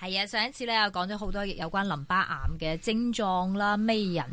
係啊，上一次咧又講咗好多有關淋巴癌嘅症狀啦，咩人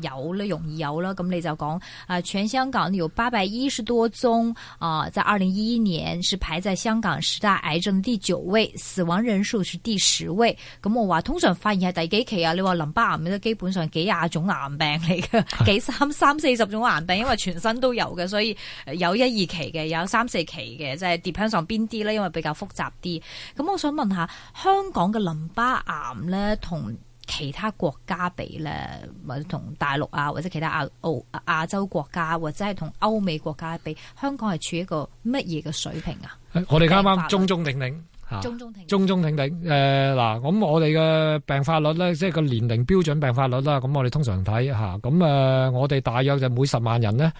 有咧容易有啦，咁你就講啊，全香港有八百一十多宗啊，在二零一一年是排在香港十大癌症第九位，死亡人數是第十位。咁我話通常發現係第幾期啊？你話淋巴癌都基本上幾廿種癌病嚟嘅，幾三 三四十種癌病，因為全身都有嘅，所以有一二期嘅，有三四期嘅，就係 depends on 邊啲咧，因為比較複雜啲。咁我想問下香港，個淋巴癌咧，同其他國家比咧，或者同大陸啊，或者其他亞澳亞洲國家，或者係同歐美國家比，香港係處於一個乜嘢嘅水平啊？我哋啱啱中中鼎鼎吓，中中鼎中中鼎鼎，誒，嗱，咁我哋嘅病發率咧，即係個年齡標準病發率啦。咁我哋通常睇吓，咁，誒，我哋大約就每十萬人呢，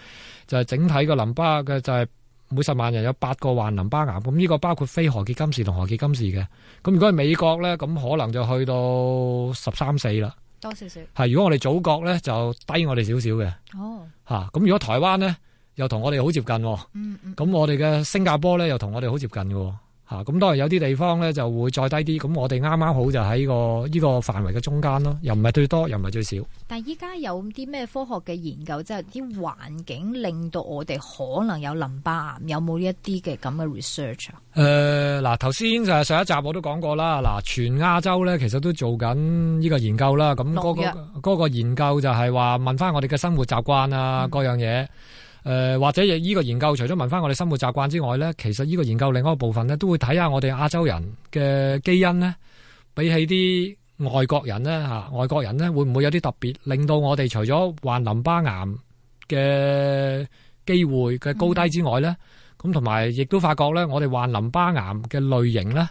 就係整體個淋巴嘅就係。每十萬人有八個患淋巴癌，咁呢個包括非何傑金氏同何傑金氏嘅。咁如果係美國咧，咁可能就去到十三四啦，多少少。係如果我哋祖國咧就低我哋少少嘅。哦，吓、啊？咁如果台灣咧又同我哋好接近、哦，嗯嗯。咁我哋嘅新加坡咧又同我哋好接近嘅、哦。吓，咁當然有啲地方咧，就會再低啲。咁我哋啱啱好就喺個呢個範圍嘅中間咯，又唔係最多，又唔係最少。但係依家有啲咩科學嘅研究，即係啲環境令到我哋可能有淋巴癌，有冇呢一啲嘅咁嘅 research 啊？誒、呃，嗱，頭先就上一集我都講過啦。嗱，全亞洲咧，其實都做緊呢個研究啦。咁、那、嗰個、嗰個研究就係話問翻我哋嘅生活習慣啊、嗯，各樣嘢。誒、呃、或者呢個個研究除咗問翻我哋生活習慣之外呢，其實呢個研究另外一個部分呢都會睇下我哋亞洲人嘅基因呢，比起啲外國人呢、啊、外國人呢會唔會有啲特別，令到我哋除咗患淋巴癌嘅機會嘅高低之外呢，咁同埋亦都發覺呢，我哋患淋巴癌嘅類型呢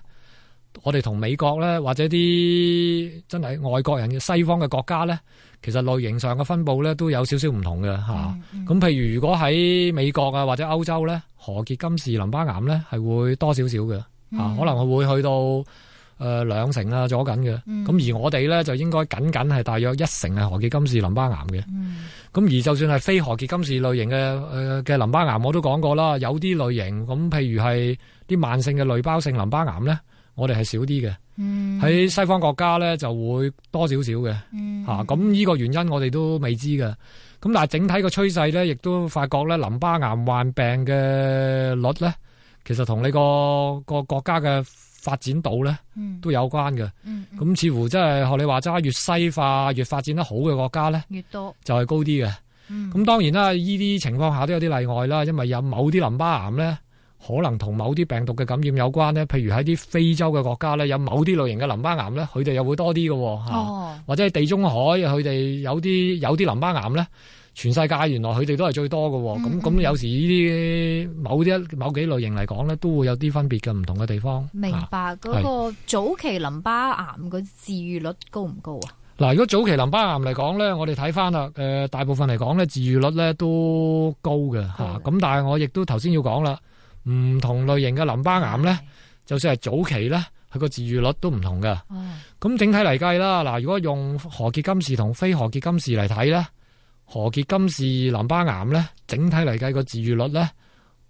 我哋同美國咧，或者啲真係外國人嘅西方嘅國家咧，其實類型上嘅分布咧都有少少唔同嘅㗎。咁、嗯嗯、譬如如果喺美國啊或者歐洲咧，何傑金氏淋巴癌咧係會多少少嘅可能會去到誒兩、呃、成啊左右嘅。咁、嗯、而我哋咧就應該僅僅係大約一成係何傑金氏淋巴癌嘅。咁、嗯、而就算係非何傑金氏類型嘅嘅、呃、淋巴癌，我都講過啦，有啲類型咁，譬如係啲慢性嘅濾泡性淋巴癌咧。我哋係少啲嘅，喺、嗯、西方國家咧就會多少少嘅。咁呢個原因我哋都未知嘅。咁但係整體個趨勢咧，亦都發覺咧，淋巴癌患病嘅率咧，其實同你個個國家嘅發展度咧都有關嘅。咁、嗯嗯、似乎真係學你話齋，越西化越發展得好嘅國家咧，越多就係、是、高啲嘅。咁、嗯、當然啦，依啲情況下都有啲例外啦，因為有某啲淋巴癌咧。可能同某啲病毒嘅感染有關，呢譬如喺啲非洲嘅國家呢，有某啲類型嘅淋巴癌呢，佢哋又會多啲嘅。喎、哦，或者係地中海，佢哋有啲有啲淋巴癌呢，全世界原來佢哋都係最多嘅。咁、嗯、咁、嗯、有時呢啲某啲某幾類型嚟講呢，都會有啲分別嘅，唔同嘅地方。明白嗰，啊，那個早期淋巴癌嘅治愈率高唔高啊？嗱，如果早期淋巴癌嚟講呢，我哋睇翻啦。誒，大部分嚟講呢，治愈率呢都高嘅嚇。咁、啊、但係我亦都頭先要講啦。唔同類型嘅淋巴癌咧，就算係早期咧，佢個治愈率都唔同㗎。咁、哦、整體嚟計啦，嗱，如果用何傑金氏同非何傑金氏嚟睇咧，何傑金氏淋巴癌咧，整體嚟計個治愈率咧，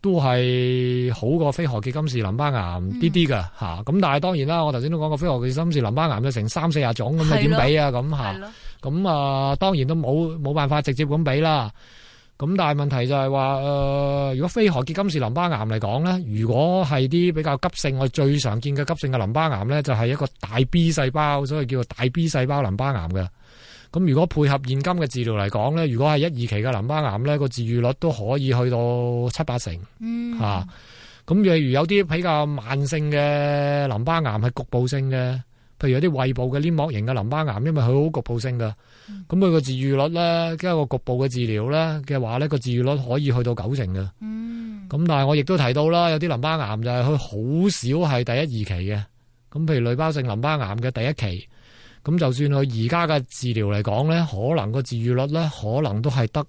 都係好過非何傑金氏淋巴癌啲啲㗎。咁、嗯、但係當然啦，我頭先都講過非何傑金氏淋巴癌就成三四廿種，咁咪點比啊咁吓，咁啊，當然都冇冇辦法直接咁比啦。咁但係問題就係話，誒、呃，如果非何結金氏淋巴癌嚟講咧，如果係啲比較急性，我最常見嘅急性嘅淋巴癌咧，就係一個大 B 細胞，所以叫做大 B 細胞淋巴癌嘅。咁如果配合現今嘅治療嚟講咧，如果係一二期嘅淋巴癌咧，個治愈率都可以去到七八成。嗯，吓、啊，咁例如有啲比較慢性嘅淋巴癌係局部性嘅。譬如有啲胃部嘅黏膜型嘅淋巴癌，因為佢好局部性噶，咁佢個治愈率咧，一個局部嘅治療咧嘅話咧，個治愈率可以去到九成噶。咁、嗯、但係我亦都提到啦，有啲淋巴癌就係佢好少係第一二期嘅。咁譬如濾泡性淋巴癌嘅第一期，咁就算佢而家嘅治療嚟講咧，可能個治愈率咧，可能都係得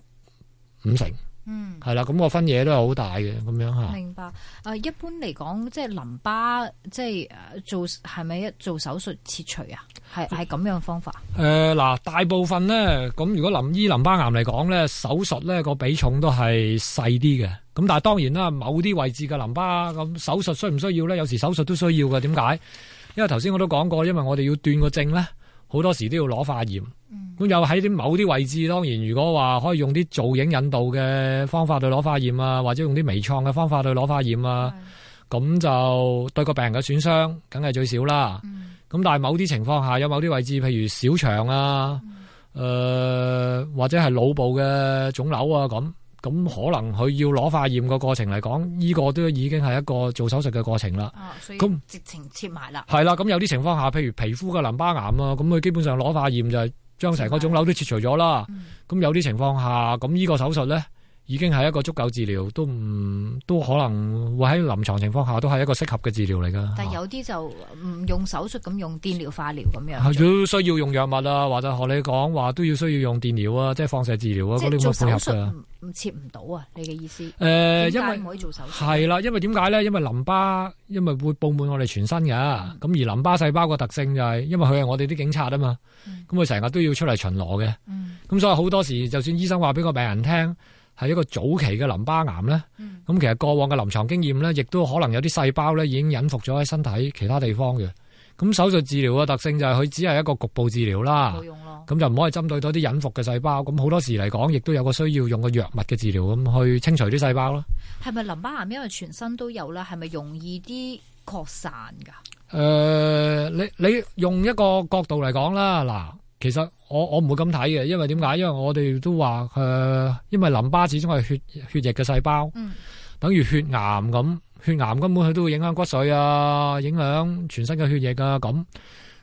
五成。嗯，係啦，咁、那個分野都係好大嘅，咁樣吓。明白，誒、呃，一般嚟講，即、就、係、是、淋巴，即、就、係、是、做係咪一做手術切除啊？係係咁樣方法。誒、呃，嗱、呃，大部分咧，咁如果林醫淋巴癌嚟講咧，手術咧個比重都係細啲嘅。咁但係當然啦，某啲位置嘅淋巴咁手術需唔需要咧？有時手術都需要㗎。點解？因為頭先我都講過，因為我哋要斷個症咧，好多時都要攞化驗。咁有喺啲某啲位置，當然如果話可以用啲造影引導嘅方法去攞化驗啊，或者用啲微創嘅方法去攞化驗啊，咁就對個病人嘅損傷梗係最少啦。咁、嗯、但係某啲情況下，有某啲位置，譬如小腸啊，誒、嗯呃、或者係腦部嘅腫瘤啊，咁咁可能佢要攞化驗嘅過程嚟講，呢、嗯這個都已經係一個做手術嘅過程啦。咁、啊、直接切情切埋啦。係啦，咁有啲情況下，譬如皮膚嘅淋巴癌啊，咁佢基本上攞化驗就係、是。將成個腫瘤都切除咗啦，咁、嗯、有啲情況下，咁呢個手術呢，已經係一個足夠治療，都唔都可能會喺臨床情況下都係一個適合嘅治療嚟噶。但係有啲就唔用手術咁、啊、用,用電療、化療咁樣，係要需要用藥物啊，或者學你講話都要需要用電療啊，即係放射治療啊。即係做手術唔唔切唔到啊？你嘅意思？誒，因為係啦，因為點解咧？因為淋巴因為會布滿我哋全身嘅咁，嗯、而淋巴細胞個特性就係、是、因為佢係我哋啲警察啊嘛，咁佢成日都要出嚟巡邏嘅。咁、嗯、所以好多時候就算醫生話俾個病人聽。係一個早期嘅淋巴癌咧，咁、嗯、其實過往嘅臨床經驗咧，亦都可能有啲細胞咧已經隱伏咗喺身體其他地方嘅。咁手術治療嘅特性就係佢只係一個局部治療啦，咁就唔可以針對到啲隱伏嘅細胞。咁好多時嚟講，亦都有個需要用個藥物嘅治療咁去清除啲細胞咯。係咪淋巴癌因為全身都有咧，係咪容易啲擴散噶？誒、呃，你你用一個角度嚟講啦，嗱。其實我我唔會咁睇嘅，因為點解？因為我哋都話誒、呃，因為淋巴始終係血血液嘅細胞、嗯，等於血癌咁。血癌根本佢都會影響骨髓啊，影響全身嘅血液噶、啊、咁。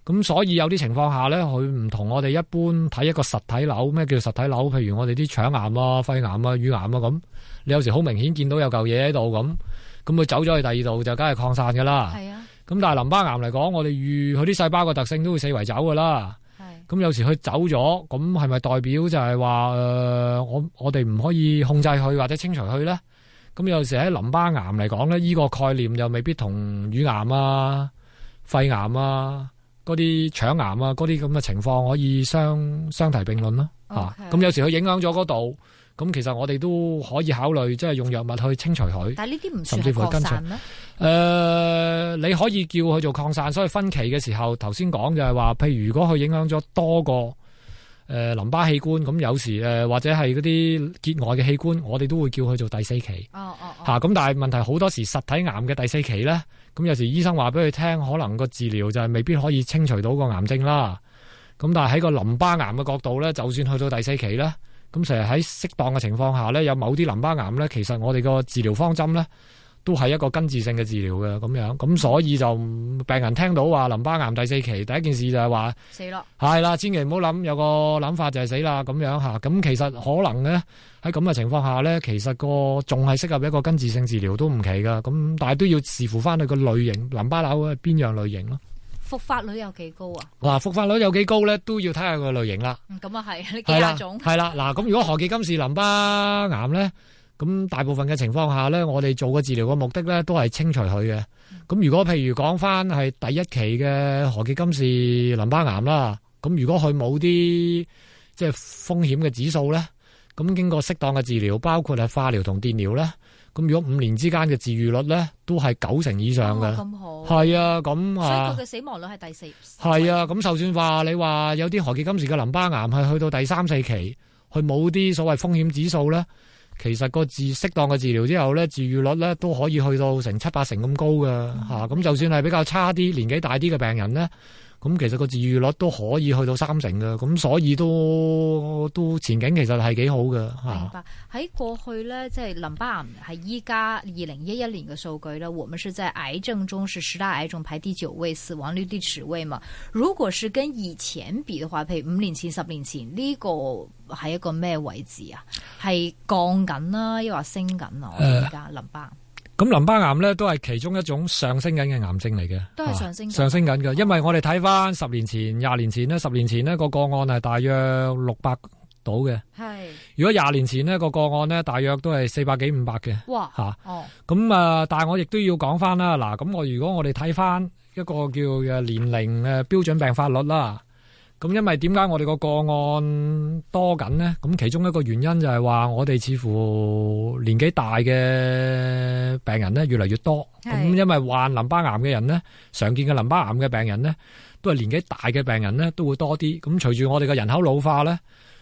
咁所以有啲情況下呢，佢唔同我哋一般睇一個實體瘤，咩叫實體瘤？譬如我哋啲腸癌啊、肺癌啊、乳癌啊咁，你有時好明顯見到有嚿嘢喺度咁，咁佢走咗去第二度就梗係擴散噶啦。係啊，咁但係淋巴癌嚟講，我哋預佢啲細胞個特性都會四圍走噶啦。咁有時佢走咗，咁係咪代表就係話、呃，我我哋唔可以控制佢或者清除佢咧？咁有時喺淋巴癌嚟講咧，依、呢個概念又未必同乳癌啊、肺癌啊嗰啲腸癌啊嗰啲咁嘅情況可以相相提並論咯、啊、咁、okay. 啊、有時佢影響咗嗰度。咁其實我哋都可以考慮，即係用藥物去清除佢，甚至乎跟住。誒、呃，你可以叫佢做擴散，所以分期嘅時候，頭先講就係話，譬如如果佢影響咗多個誒、呃、淋巴器官，咁有時誒、呃、或者係嗰啲結外嘅器官，我哋都會叫佢做第四期。哦哦、吓、哦、咁、啊、但係問題好多時候實體癌嘅第四期咧，咁有時候醫生話俾佢聽，可能個治療就係未必可以清除到個癌症啦。咁但係喺個淋巴癌嘅角度咧，就算去到第四期咧。咁成日喺適當嘅情況下咧，有某啲淋巴癌咧，其實我哋個治療方針咧都係一個根治性嘅治療嘅咁樣。咁所以就病人聽到話淋巴癌第四期，第一件事就係話死咯，係啦，千祈唔好諗有個諗法就係死啦咁樣嚇。咁其實可能咧喺咁嘅情況下咧，其實個仲係適合一個根治性治療都唔奇噶。咁但係都要視乎翻佢個類型淋巴瘤係邊樣類型咯。復發率有幾高啊？嗱，復發率有幾高咧，都要睇下個類型、嗯嗯嗯嗯、個啦。咁啊係，呢幾廿種。係啦，嗱，咁如果何杰金氏淋巴癌咧，咁大部分嘅情況下咧，我哋做個治療嘅目的咧，都係清除佢嘅。咁如果譬如講翻係第一期嘅何杰金氏淋巴癌啦，咁如果佢冇啲即係風險嘅指數咧，咁經過適當嘅治療，包括係化療同電療咧。咁如果五年之間嘅治癒率咧，都係九成以上嘅。咁、哦、好。係、哦哦、啊、咁、嗯、啊。所以佢嘅死亡率係第四。係啊，咁、啊嗯嗯、就算話你話有啲何傑金氏嘅淋巴癌係去到第三四期，佢冇啲所謂風險指數咧，其實個適治適當嘅治療之後咧，治癒率咧都可以去到成七八成咁高嘅，吓。咁、嗯啊嗯、就算係比較差啲、嗯、年紀大啲嘅病人咧。咁其實個治癒率都可以去到三成嘅，咁所以都都前景其實係幾好嘅。明白喺過去呢即係、就是、淋巴癌依家二零一一年嘅數據呢，我們是在癌症中是十大癌症排第九位，死亡率第十位嘛。如果是跟以前比嘅話，譬如五年前、十年前呢、呢個係一個咩位置啊？係降緊啦，抑或升緊啊？我哋依家淋巴。咁淋巴癌咧都係其中一種上升緊嘅癌症嚟嘅，都係上升、啊、上升緊嘅，因為我哋睇翻十年前、廿、哦、年前呢，十年前呢個個案係大約六百到嘅，係。如果廿年前呢個個案呢，大約都係四百幾五百嘅，哇吓、啊、哦。咁、嗯、啊，但係我亦都要講翻啦，嗱，咁我如果我哋睇翻一個叫誒年齡誒標準病發率啦。咁因為點解我哋個個案多緊呢？咁其中一個原因就係話我哋似乎年紀大嘅病人咧越嚟越多。咁因為患淋巴癌嘅人咧，常見嘅淋巴癌嘅病人咧，都係年紀大嘅病人咧都會多啲。咁隨住我哋嘅人口老化咧，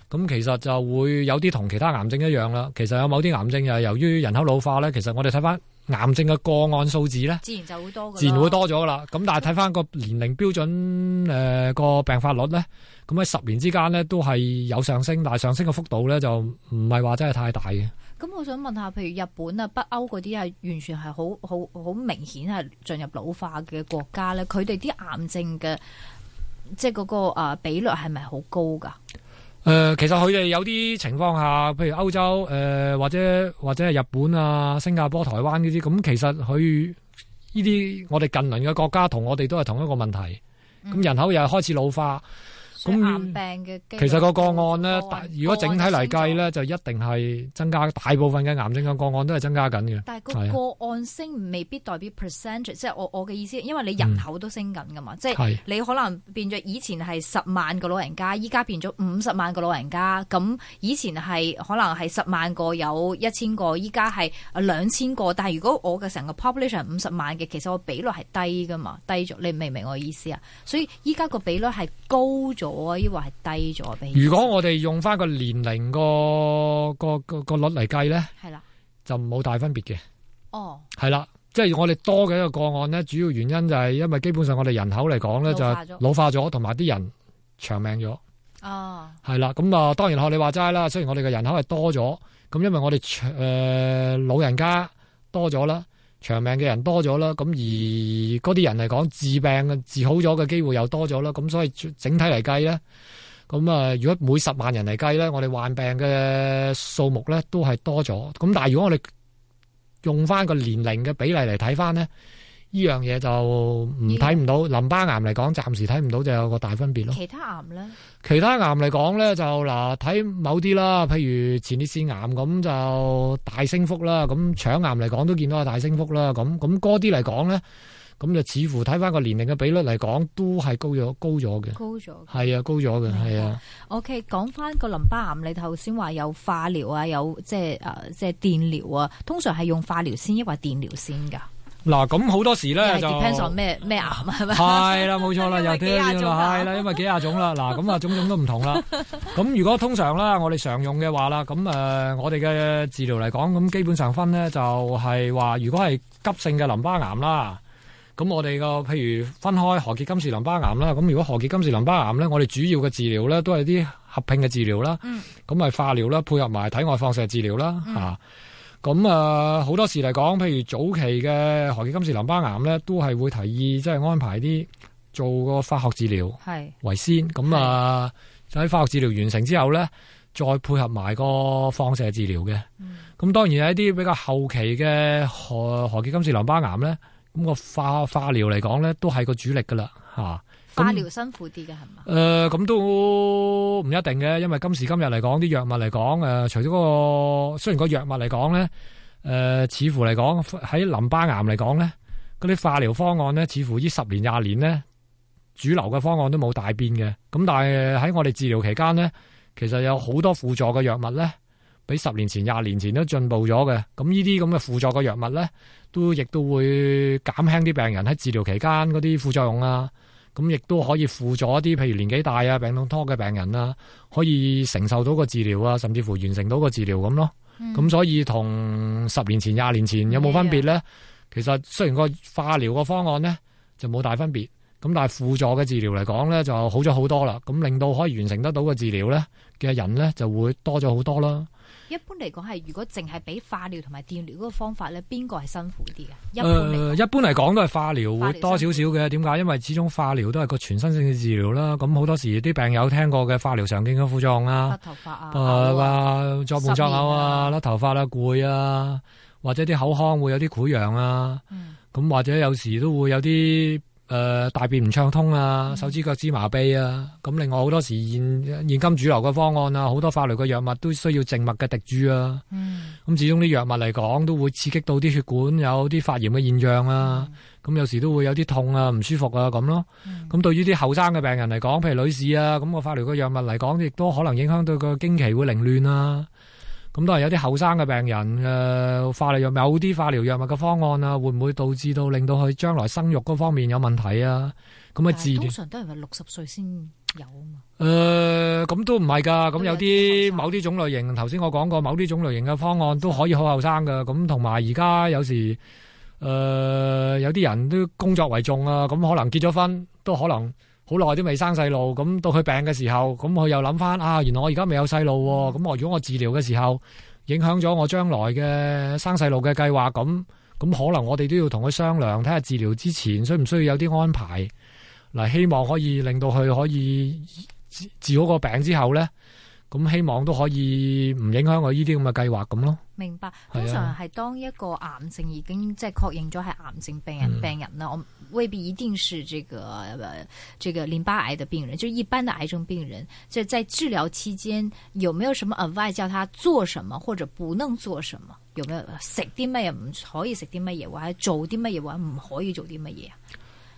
咁其實就會有啲同其他癌症一樣啦。其實有某啲癌症就係由於人口老化咧。其實我哋睇翻。癌症嘅個案數字咧，自然就會多，自然會多咗啦。咁但係睇翻個年齡標準誒個病發率咧，咁喺十年之間咧都係有上升，但係上升嘅幅度咧就唔係話真係太大嘅。咁我想問一下，譬如日本啊、北歐嗰啲係完全係好好好明顯係進入老化嘅國家咧，佢哋啲癌症嘅即係嗰個誒比率係咪好高噶？誒、呃，其實佢哋有啲情況下，譬如歐洲，誒、呃、或者或者係日本啊、新加坡、台灣嗰啲，咁其實佢呢啲我哋近鄰嘅國家同我哋都係同一個問題，咁人口又係開始老化。咁癌病嘅其實個個案咧，如果整體嚟計咧，就一定係增加。大部分嘅癌症嘅個案都係增加緊嘅。但係個個案升，未必代表 percent，即係我我嘅意思，因為你人口都升緊噶嘛，嗯、即係你可能變咗以前係十萬個老人家，依家變咗五十萬個老人家。咁以前係可能係十萬個有一千個，依家係兩千個，但係如果我嘅成個 population 五十萬嘅，其實我比率係低噶嘛，低咗。你明唔明我意思啊？所以依家個比率係高咗。我以為係低咗，如果我哋用翻、個年齡、個個個、個率嚟計咧，係啦，就冇大分別嘅。哦，係啦，即、就、係、係、我哋多嘅一個個案咧，主要原因就係因為基本上我哋人口嚟講咧就老化咗，同埋啲人長命咗。哦，係啦，咁啊，當然學你話齋啦。雖然我哋嘅人口係多咗，咁因為我哋誒、呃、老人家多咗啦。長命嘅人多咗啦，咁而嗰啲人嚟講，治病治好咗嘅機會又多咗啦，咁所以整體嚟計咧，咁啊如果每十萬人嚟計咧，我哋患病嘅數目咧都係多咗，咁但係如果我哋用翻個年齡嘅比例嚟睇翻咧。呢樣嘢就唔睇唔到，淋、嗯、巴癌嚟講暫時睇唔到就有個大分別咯。其他癌咧？其他癌嚟講咧就嗱睇某啲啦，譬如前列腺癌咁就大升幅啦，咁、嗯、腸、嗯、癌嚟講都見到大升幅啦。咁咁啲嚟講咧，咁就似乎睇翻個年齡嘅比率嚟講都係高咗高咗嘅。高咗係啊，高咗嘅係啊。嗯嗯、o、okay, K，講翻個淋巴癌，你頭先話有化療啊，有即係誒、啊、即係電療啊，通常係用化療先抑或電療先噶？嗱，咁好多時咧、yeah, 就咩咩癌啊？係啦，冇錯啦，又聽見啦，係啦，因為幾廿種啦。嗱、啊，咁 啊種， 種種都唔同啦。咁 如果通常啦、呃，我哋常用嘅話啦，咁誒，我哋嘅治療嚟講咁基本上分呢就係、是、話如果係急性嘅淋巴癌啦，咁我哋個譬如分開何傑金氏淋巴癌啦，咁如果何傑金氏淋巴癌咧，我哋主要嘅治療咧，都係啲合併嘅治療啦。嗯。咁啊，化療啦，配合埋體外放射治療啦。嗯。啊咁啊，好、呃、多時嚟講，譬如早期嘅何傑金氏淋巴癌咧，都係會提議即係、就是、安排啲做個化學治療為先。咁啊、呃，就喺化學治療完成之後咧，再配合埋個放射治療嘅。咁、嗯、當然係一啲比較後期嘅何何傑金氏淋巴癌咧，咁、那個化化療嚟講咧，都係個主力噶啦，吓、啊。化療辛苦啲嘅，係嘛？誒，咁、呃、都唔一定嘅，因為今時今日嚟講啲藥物嚟講誒，除咗嗰、那個，雖然個藥物嚟講咧，誒、呃，似乎嚟講喺淋巴癌嚟講咧，嗰啲化療方案咧，似乎呢十年廿年咧主流嘅方案都冇大變嘅。咁但係喺我哋治療期間咧，其實有好多輔助嘅藥物咧，比十年前廿年前都進步咗嘅。咁呢啲咁嘅輔助嘅藥物咧，都亦都會減輕啲病人喺治療期間嗰啲副作用啊。咁亦都可以輔助一啲，譬如年紀大啊、病痛拖嘅病人啊，可以承受到個治療啊，甚至乎完成到個治療咁咯。咁、嗯、所以同十年前、廿年前有冇分別呢？其實雖然個化療個方案呢就冇大分別，咁但係輔助嘅治療嚟講呢就好咗好多啦。咁令到可以完成得到個治療呢嘅人呢，就會多咗好多啦。一般嚟講係，如果淨係俾化療同埋電療嗰個方法咧，邊個係辛苦啲嘅？誒，一般嚟講、呃、都係化療會多少少嘅。點解？因為始終化療都係個全身性嘅治療啦。咁好多時啲病友聽過嘅化療常見嘅副作用啊，甩頭髮啊，誒作悶作嘔啊，甩頭髮啦、啊，攰啊，啊，或者啲口腔會有啲潰瘍啊。咁、嗯、或者有時都會有啲。誒、呃、大便唔暢通啊，手指腳趾麻痹啊，咁另外好多時現現今主流嘅方案啊，好多化療嘅藥物都需要靜脈嘅滴注啊。嗯，咁始終啲藥物嚟講都會刺激到啲血管，有啲發炎嘅現象啊，咁、嗯、有時都會有啲痛啊，唔舒服啊咁咯。咁、嗯、對於啲後生嘅病人嚟講，譬如女士啊，咁個化療嘅藥物嚟講，亦都可能影響到個經期會凌亂啊。咁都係有啲後生嘅病人，誒，化療藥，某啲化療藥物嘅方案啊，會唔會導致到令到佢將來生育嗰方面有問題啊？咁啊，自然通常都係話六十歲先有啊嘛。誒，咁都唔係噶，咁有啲某啲種類型，頭先我講過某啲種類型嘅方案都可以好後生噶。咁同埋而家有時，誒，有啲人都工作為重啊，咁可能結咗婚都可能。好耐都未生細路，咁到佢病嘅時候，咁我又諗翻啊，原來我而家未有細路喎，咁我如果我治療嘅時候影響咗我將來嘅生細路嘅計劃，咁咁可能我哋都要同佢商量，睇下治療之前需唔需要有啲安排，嗱，希望可以令到佢可以治好個病之後呢。咁希望都可以唔影響我呢啲咁嘅計劃咁咯。明白，通常係當一個癌症已經即係確認咗係癌症病人，病人，那、嗯、未必一定是這個這個淋巴癌嘅病人，就是、一般嘅癌症病人，即係在治療期間，有沒有什麼 advice 叫他做什麼或者不能做什麼？有沒有食啲乜嘢唔可以食啲乜嘢，或者做啲乜嘢或者唔可以做啲乜嘢？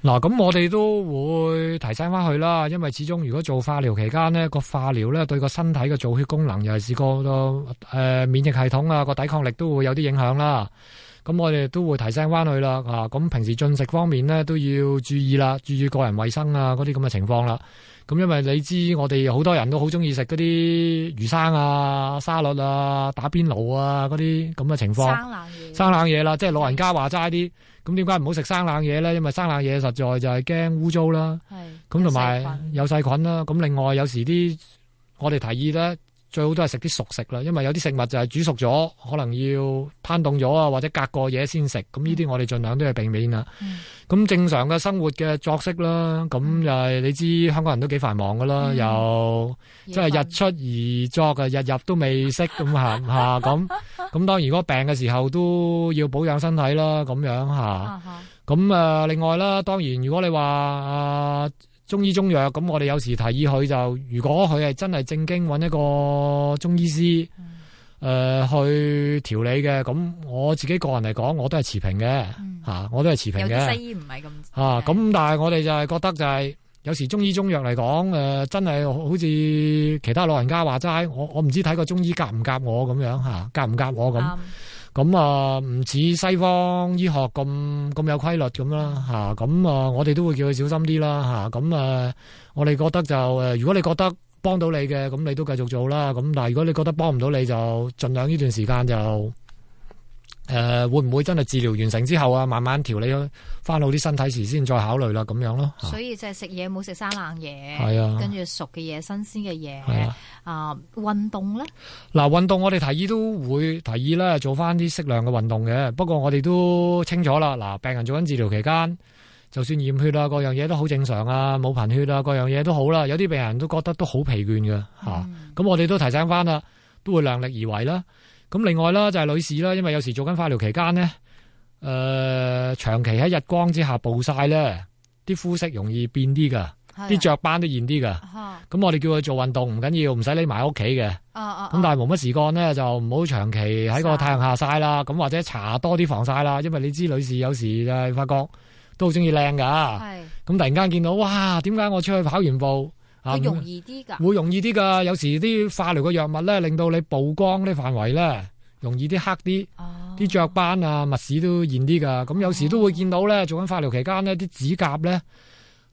嗱，咁我哋都會提醒翻去啦，因為始終如果做化療期間呢個化療呢對個身體嘅造血功能尤其係個免疫系統啊，個抵抗力都會有啲影響啦。咁我哋都會提醒翻去啦。啊，咁平時進食方面呢，都要注意啦，注意個人衛生啊，嗰啲咁嘅情況啦。咁因為你知我哋好多人都好中意食嗰啲魚生啊、沙律啊、打邊爐啊嗰啲咁嘅情況，生冷嘢，生冷嘢啦，即係老人家話齋啲。咁點解唔好食生冷嘢咧？因為生冷嘢實在就係驚污糟啦，咁同埋有細菌啦。咁另外有時啲我哋提議咧。最好都係食啲熟食啦，因為有啲食物就係煮熟咗，可能要攤凍咗啊，或者隔過夜先食，咁呢啲我哋盡量都係避免啦。咁正常嘅生活嘅作息啦，咁就係你知香港人都幾繁忙噶啦，又即係日出而作啊，日入都未息咁吓吓咁。咁當然如果病嘅時候都要保養身體啦，咁樣吓。咁啊，另外啦，當然如果你話啊。中醫中藥咁，我哋有時提議佢就，如果佢係真係正經揾一個中醫師，誒、嗯呃、去調理嘅，咁我自己個人嚟講，我都係持平嘅，吓、嗯啊，我都係持平嘅。有西醫唔係咁吓，咁、啊、但係我哋就係覺得就係、是，有時中醫中藥嚟講，誒、呃、真係好似其他老人家話齋，我我唔知睇個中醫合唔合夾唔夾我咁樣吓、啊，夾唔夾我咁。咁啊，唔似西方醫學咁咁有規律咁啦，吓，咁啊，我哋都會叫佢小心啲啦，吓，咁啊，我哋覺得就誒，如果你覺得幫到你嘅，咁你都繼續做啦，咁但係如果你覺得幫唔到你就盡量呢段時間就。誒、呃，會唔會真係治療完成之後啊，慢慢調理翻好啲身體時，先再考慮啦，咁樣咯。所以就係食嘢，冇食生冷嘢。係啊，跟住熟嘅嘢、新鮮嘅嘢。啊、呃。運動咧？嗱、呃，運動我哋提議都會提議啦，做翻啲適量嘅運動嘅。不過我哋都清楚啦。嗱、呃，病人做緊治療期間，就算驗血啊，各樣嘢都好正常啊，冇貧血啊，各樣嘢都好啦。有啲病人都覺得都好疲倦嘅吓。咁、啊嗯呃、我哋都提醒翻啦，都會量力而為啦。咁另外啦，就係女士啦，因為有時做緊化療期間咧，誒、呃、長期喺日光之下暴曬咧，啲膚色容易變啲㗎，啲雀斑都現啲㗎。咁、啊、我哋叫佢做運動唔緊要，唔使匿埋喺屋企嘅。咁、啊啊啊、但係冇乜時間咧，就唔好長期喺個太陽下曬啦。咁或者搽多啲防曬啦，因為你知女士有時就係發覺都好中意靚㗎。咁突然間見到哇，點解我出去跑完步？啊，容易啲噶，會容易啲噶。有時啲化療嘅藥物咧，令到你曝光啲範圍咧，容易啲黑啲，啲、oh. 雀斑啊、物屎都現啲噶。咁有時都會見到咧，做緊化療期間呢，啲、oh. 指甲咧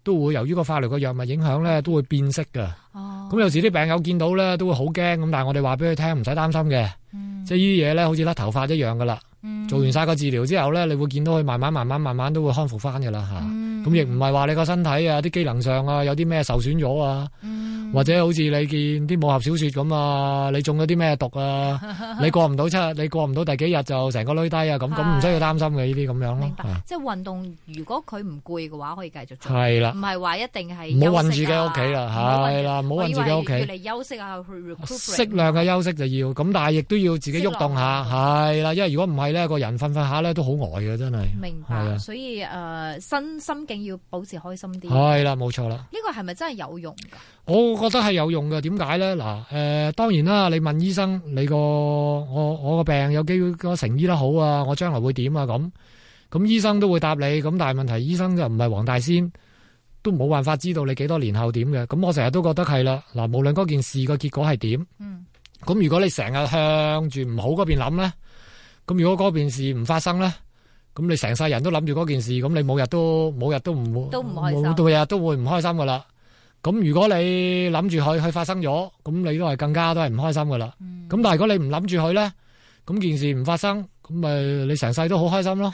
都會由於個化療嘅藥物影響咧，都會變色㗎。咁、oh. 有時啲病友見到咧，都會好驚。咁但係我哋話俾佢聽，唔使擔心嘅，即係呢啲嘢咧，好似甩頭髮一樣噶啦。Mm. 做完晒個治療之後咧，你會見到佢慢慢、慢慢、慢慢都會康復翻噶啦吓。Mm. 咁亦唔係話你個身體啊，啲機能上啊，有啲咩受損咗啊？或者好似你見啲武俠小說咁啊，你中咗啲咩毒啊？你過唔到七日，你過唔到第幾日就成個衰低啊！咁咁唔需要擔心嘅呢啲咁樣咯。明白，即係運動，如果佢唔攰嘅話，可以繼續做。係啦，唔係話一定係休息啦。唔好困住屋企啦，係係啦，唔好困住自己屋企。我以為來休息啊，去 recovery。適量嘅休息就要，咁但係亦都要自己喐動下，係啦，因為如果唔係咧，個人瞓瞓下咧都好呆嘅，真係。明白。所以誒、呃，心心境要保持開心啲。係啦，冇錯啦。呢、呢個係咪真係有用？我覺得係有用嘅，點解咧？嗱，誒，當然啦，你問醫生，你個我我個病有幾多成醫得好將啊？我將來會點啊？咁，咁醫生都會答你。咁但係問題，醫生就唔係黃大仙，都冇辦法知道你幾多年後點嘅。咁我成日都覺得係啦。嗱，無論嗰件事個結果係點，咁、嗯、如果你成日向住唔好嗰邊諗咧，咁如果嗰件事唔發生咧，咁你成世人都諗住嗰件事，咁你每日都每日都唔每日都會唔開心噶啦。咁如果你諗住佢，佢發生咗，咁你都係更加都係唔開心噶啦。咁但係如果你唔諗住佢咧，咁件事唔發生，咁咪你成世都好開心咯。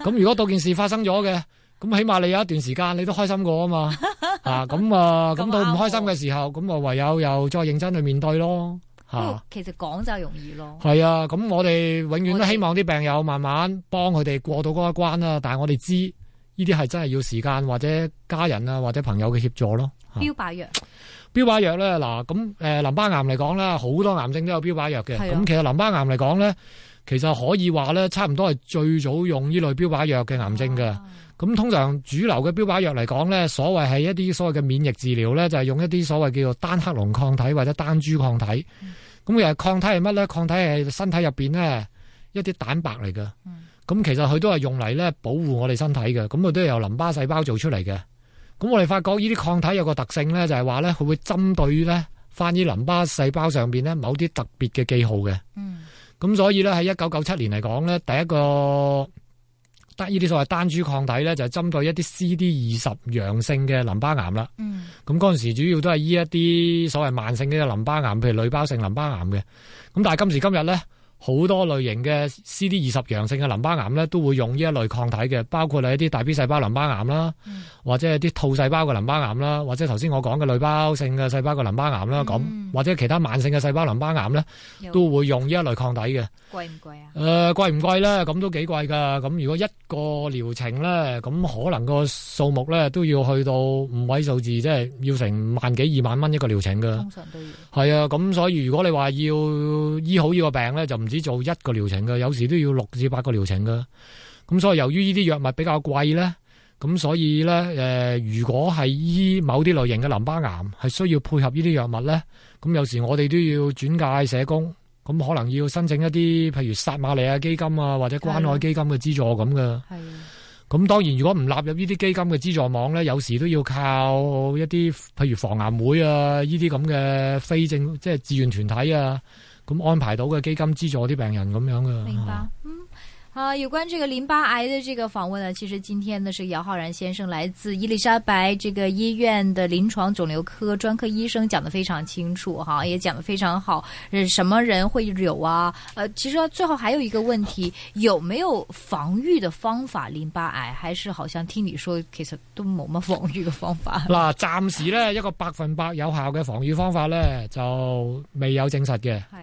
咁 如果到件事發生咗嘅，咁起碼你有一段時間你都開心過嘛 啊嘛啊咁啊咁到唔開心嘅時候，咁啊唯有又再認真去面對咯吓。其實講就容易咯。係啊，咁我哋永遠都希望啲病友慢慢幫佢哋過到嗰一關啦、啊。但係我哋知呢啲係真係要時間或者家人啊或者朋友嘅協助咯。標靶藥，標靶藥咧嗱，咁、啊、誒、呃，淋巴癌嚟講咧，好多癌症都有標靶藥嘅。咁、啊、其實淋巴癌嚟講咧，其實可以話咧，差唔多係最早用呢類標靶藥嘅癌症嘅。咁、啊、通常主流嘅標靶藥嚟講咧，所謂係一啲所謂嘅免疫治療咧，就係、是、用一啲所謂叫做單克隆抗體或者單株抗體。咁其實抗體係乜咧？抗體係身體入邊咧一啲蛋白嚟嘅。咁、嗯、其實佢都係用嚟咧保護我哋身體嘅。咁佢都係由淋巴細胞做出嚟嘅。咁我哋發覺呢啲抗體有個特性咧，就係話咧，佢會針對咧翻啲淋巴細胞上邊咧某啲特別嘅記號嘅。嗯，咁所以咧，喺一九九七年嚟講咧，第一個單呢啲所謂單株抗體咧就係針對一啲 C D 二十陽性嘅淋巴癌啦。嗯，咁嗰陣時主要都係依一啲所謂慢性嘅淋巴癌，譬如濾泡性淋巴癌嘅。咁但係今時今日咧，好多類型嘅 CD 二十陽性嘅淋巴癌咧，都會用呢一類抗體嘅，包括你一啲大 B 細胞淋巴癌啦、嗯，或者係啲套細胞嘅淋巴癌啦，或者頭先我講嘅濾泡性嘅細胞嘅淋巴癌啦，咁、嗯、或者其他慢性嘅細胞淋巴癌咧，都會用呢一類抗體嘅。貴唔貴啊？誒、呃，貴唔貴咧？咁都幾貴噶。咁如果一個療程咧，咁可能個數目咧都要去到五位數字，即係要成萬幾二萬蚊一個療程噶。通常都要。係啊，咁所以如果你話要醫好醫呢個病咧，就唔。只做一個療程嘅，有時都要六至八個療程嘅。咁所以由於呢啲藥物比較貴呢，咁所以呢，誒、呃，如果係醫某啲類型嘅淋巴癌係需要配合呢啲藥物呢，咁有時我哋都要轉介社工，咁可能要申請一啲譬如撒馬利亞基金啊或者關愛基金嘅資助咁嘅。係。咁當然如果唔納入呢啲基金嘅資助網呢，有時都要靠一啲譬如防癌會啊呢啲咁嘅非政即係志願團體啊。咁安排到嘅基金資助啲病人咁樣嘅。明白嗯，啊，有關這個淋巴癌的這個訪問呢？其實今天呢，是姚浩然先生來自伊麗莎白這個醫院的臨床腫瘤科專科醫生，講得非常清楚，哈，也講得非常好。什麼人會有啊？誒，其實最後還有一個問題，有沒有防禦的方法？淋巴癌還是好像聽你說，其實都冇乜防禦嘅方法。嗱，啊，暫時呢，一個百分百有效嘅防禦方法呢，就未有證實嘅。係。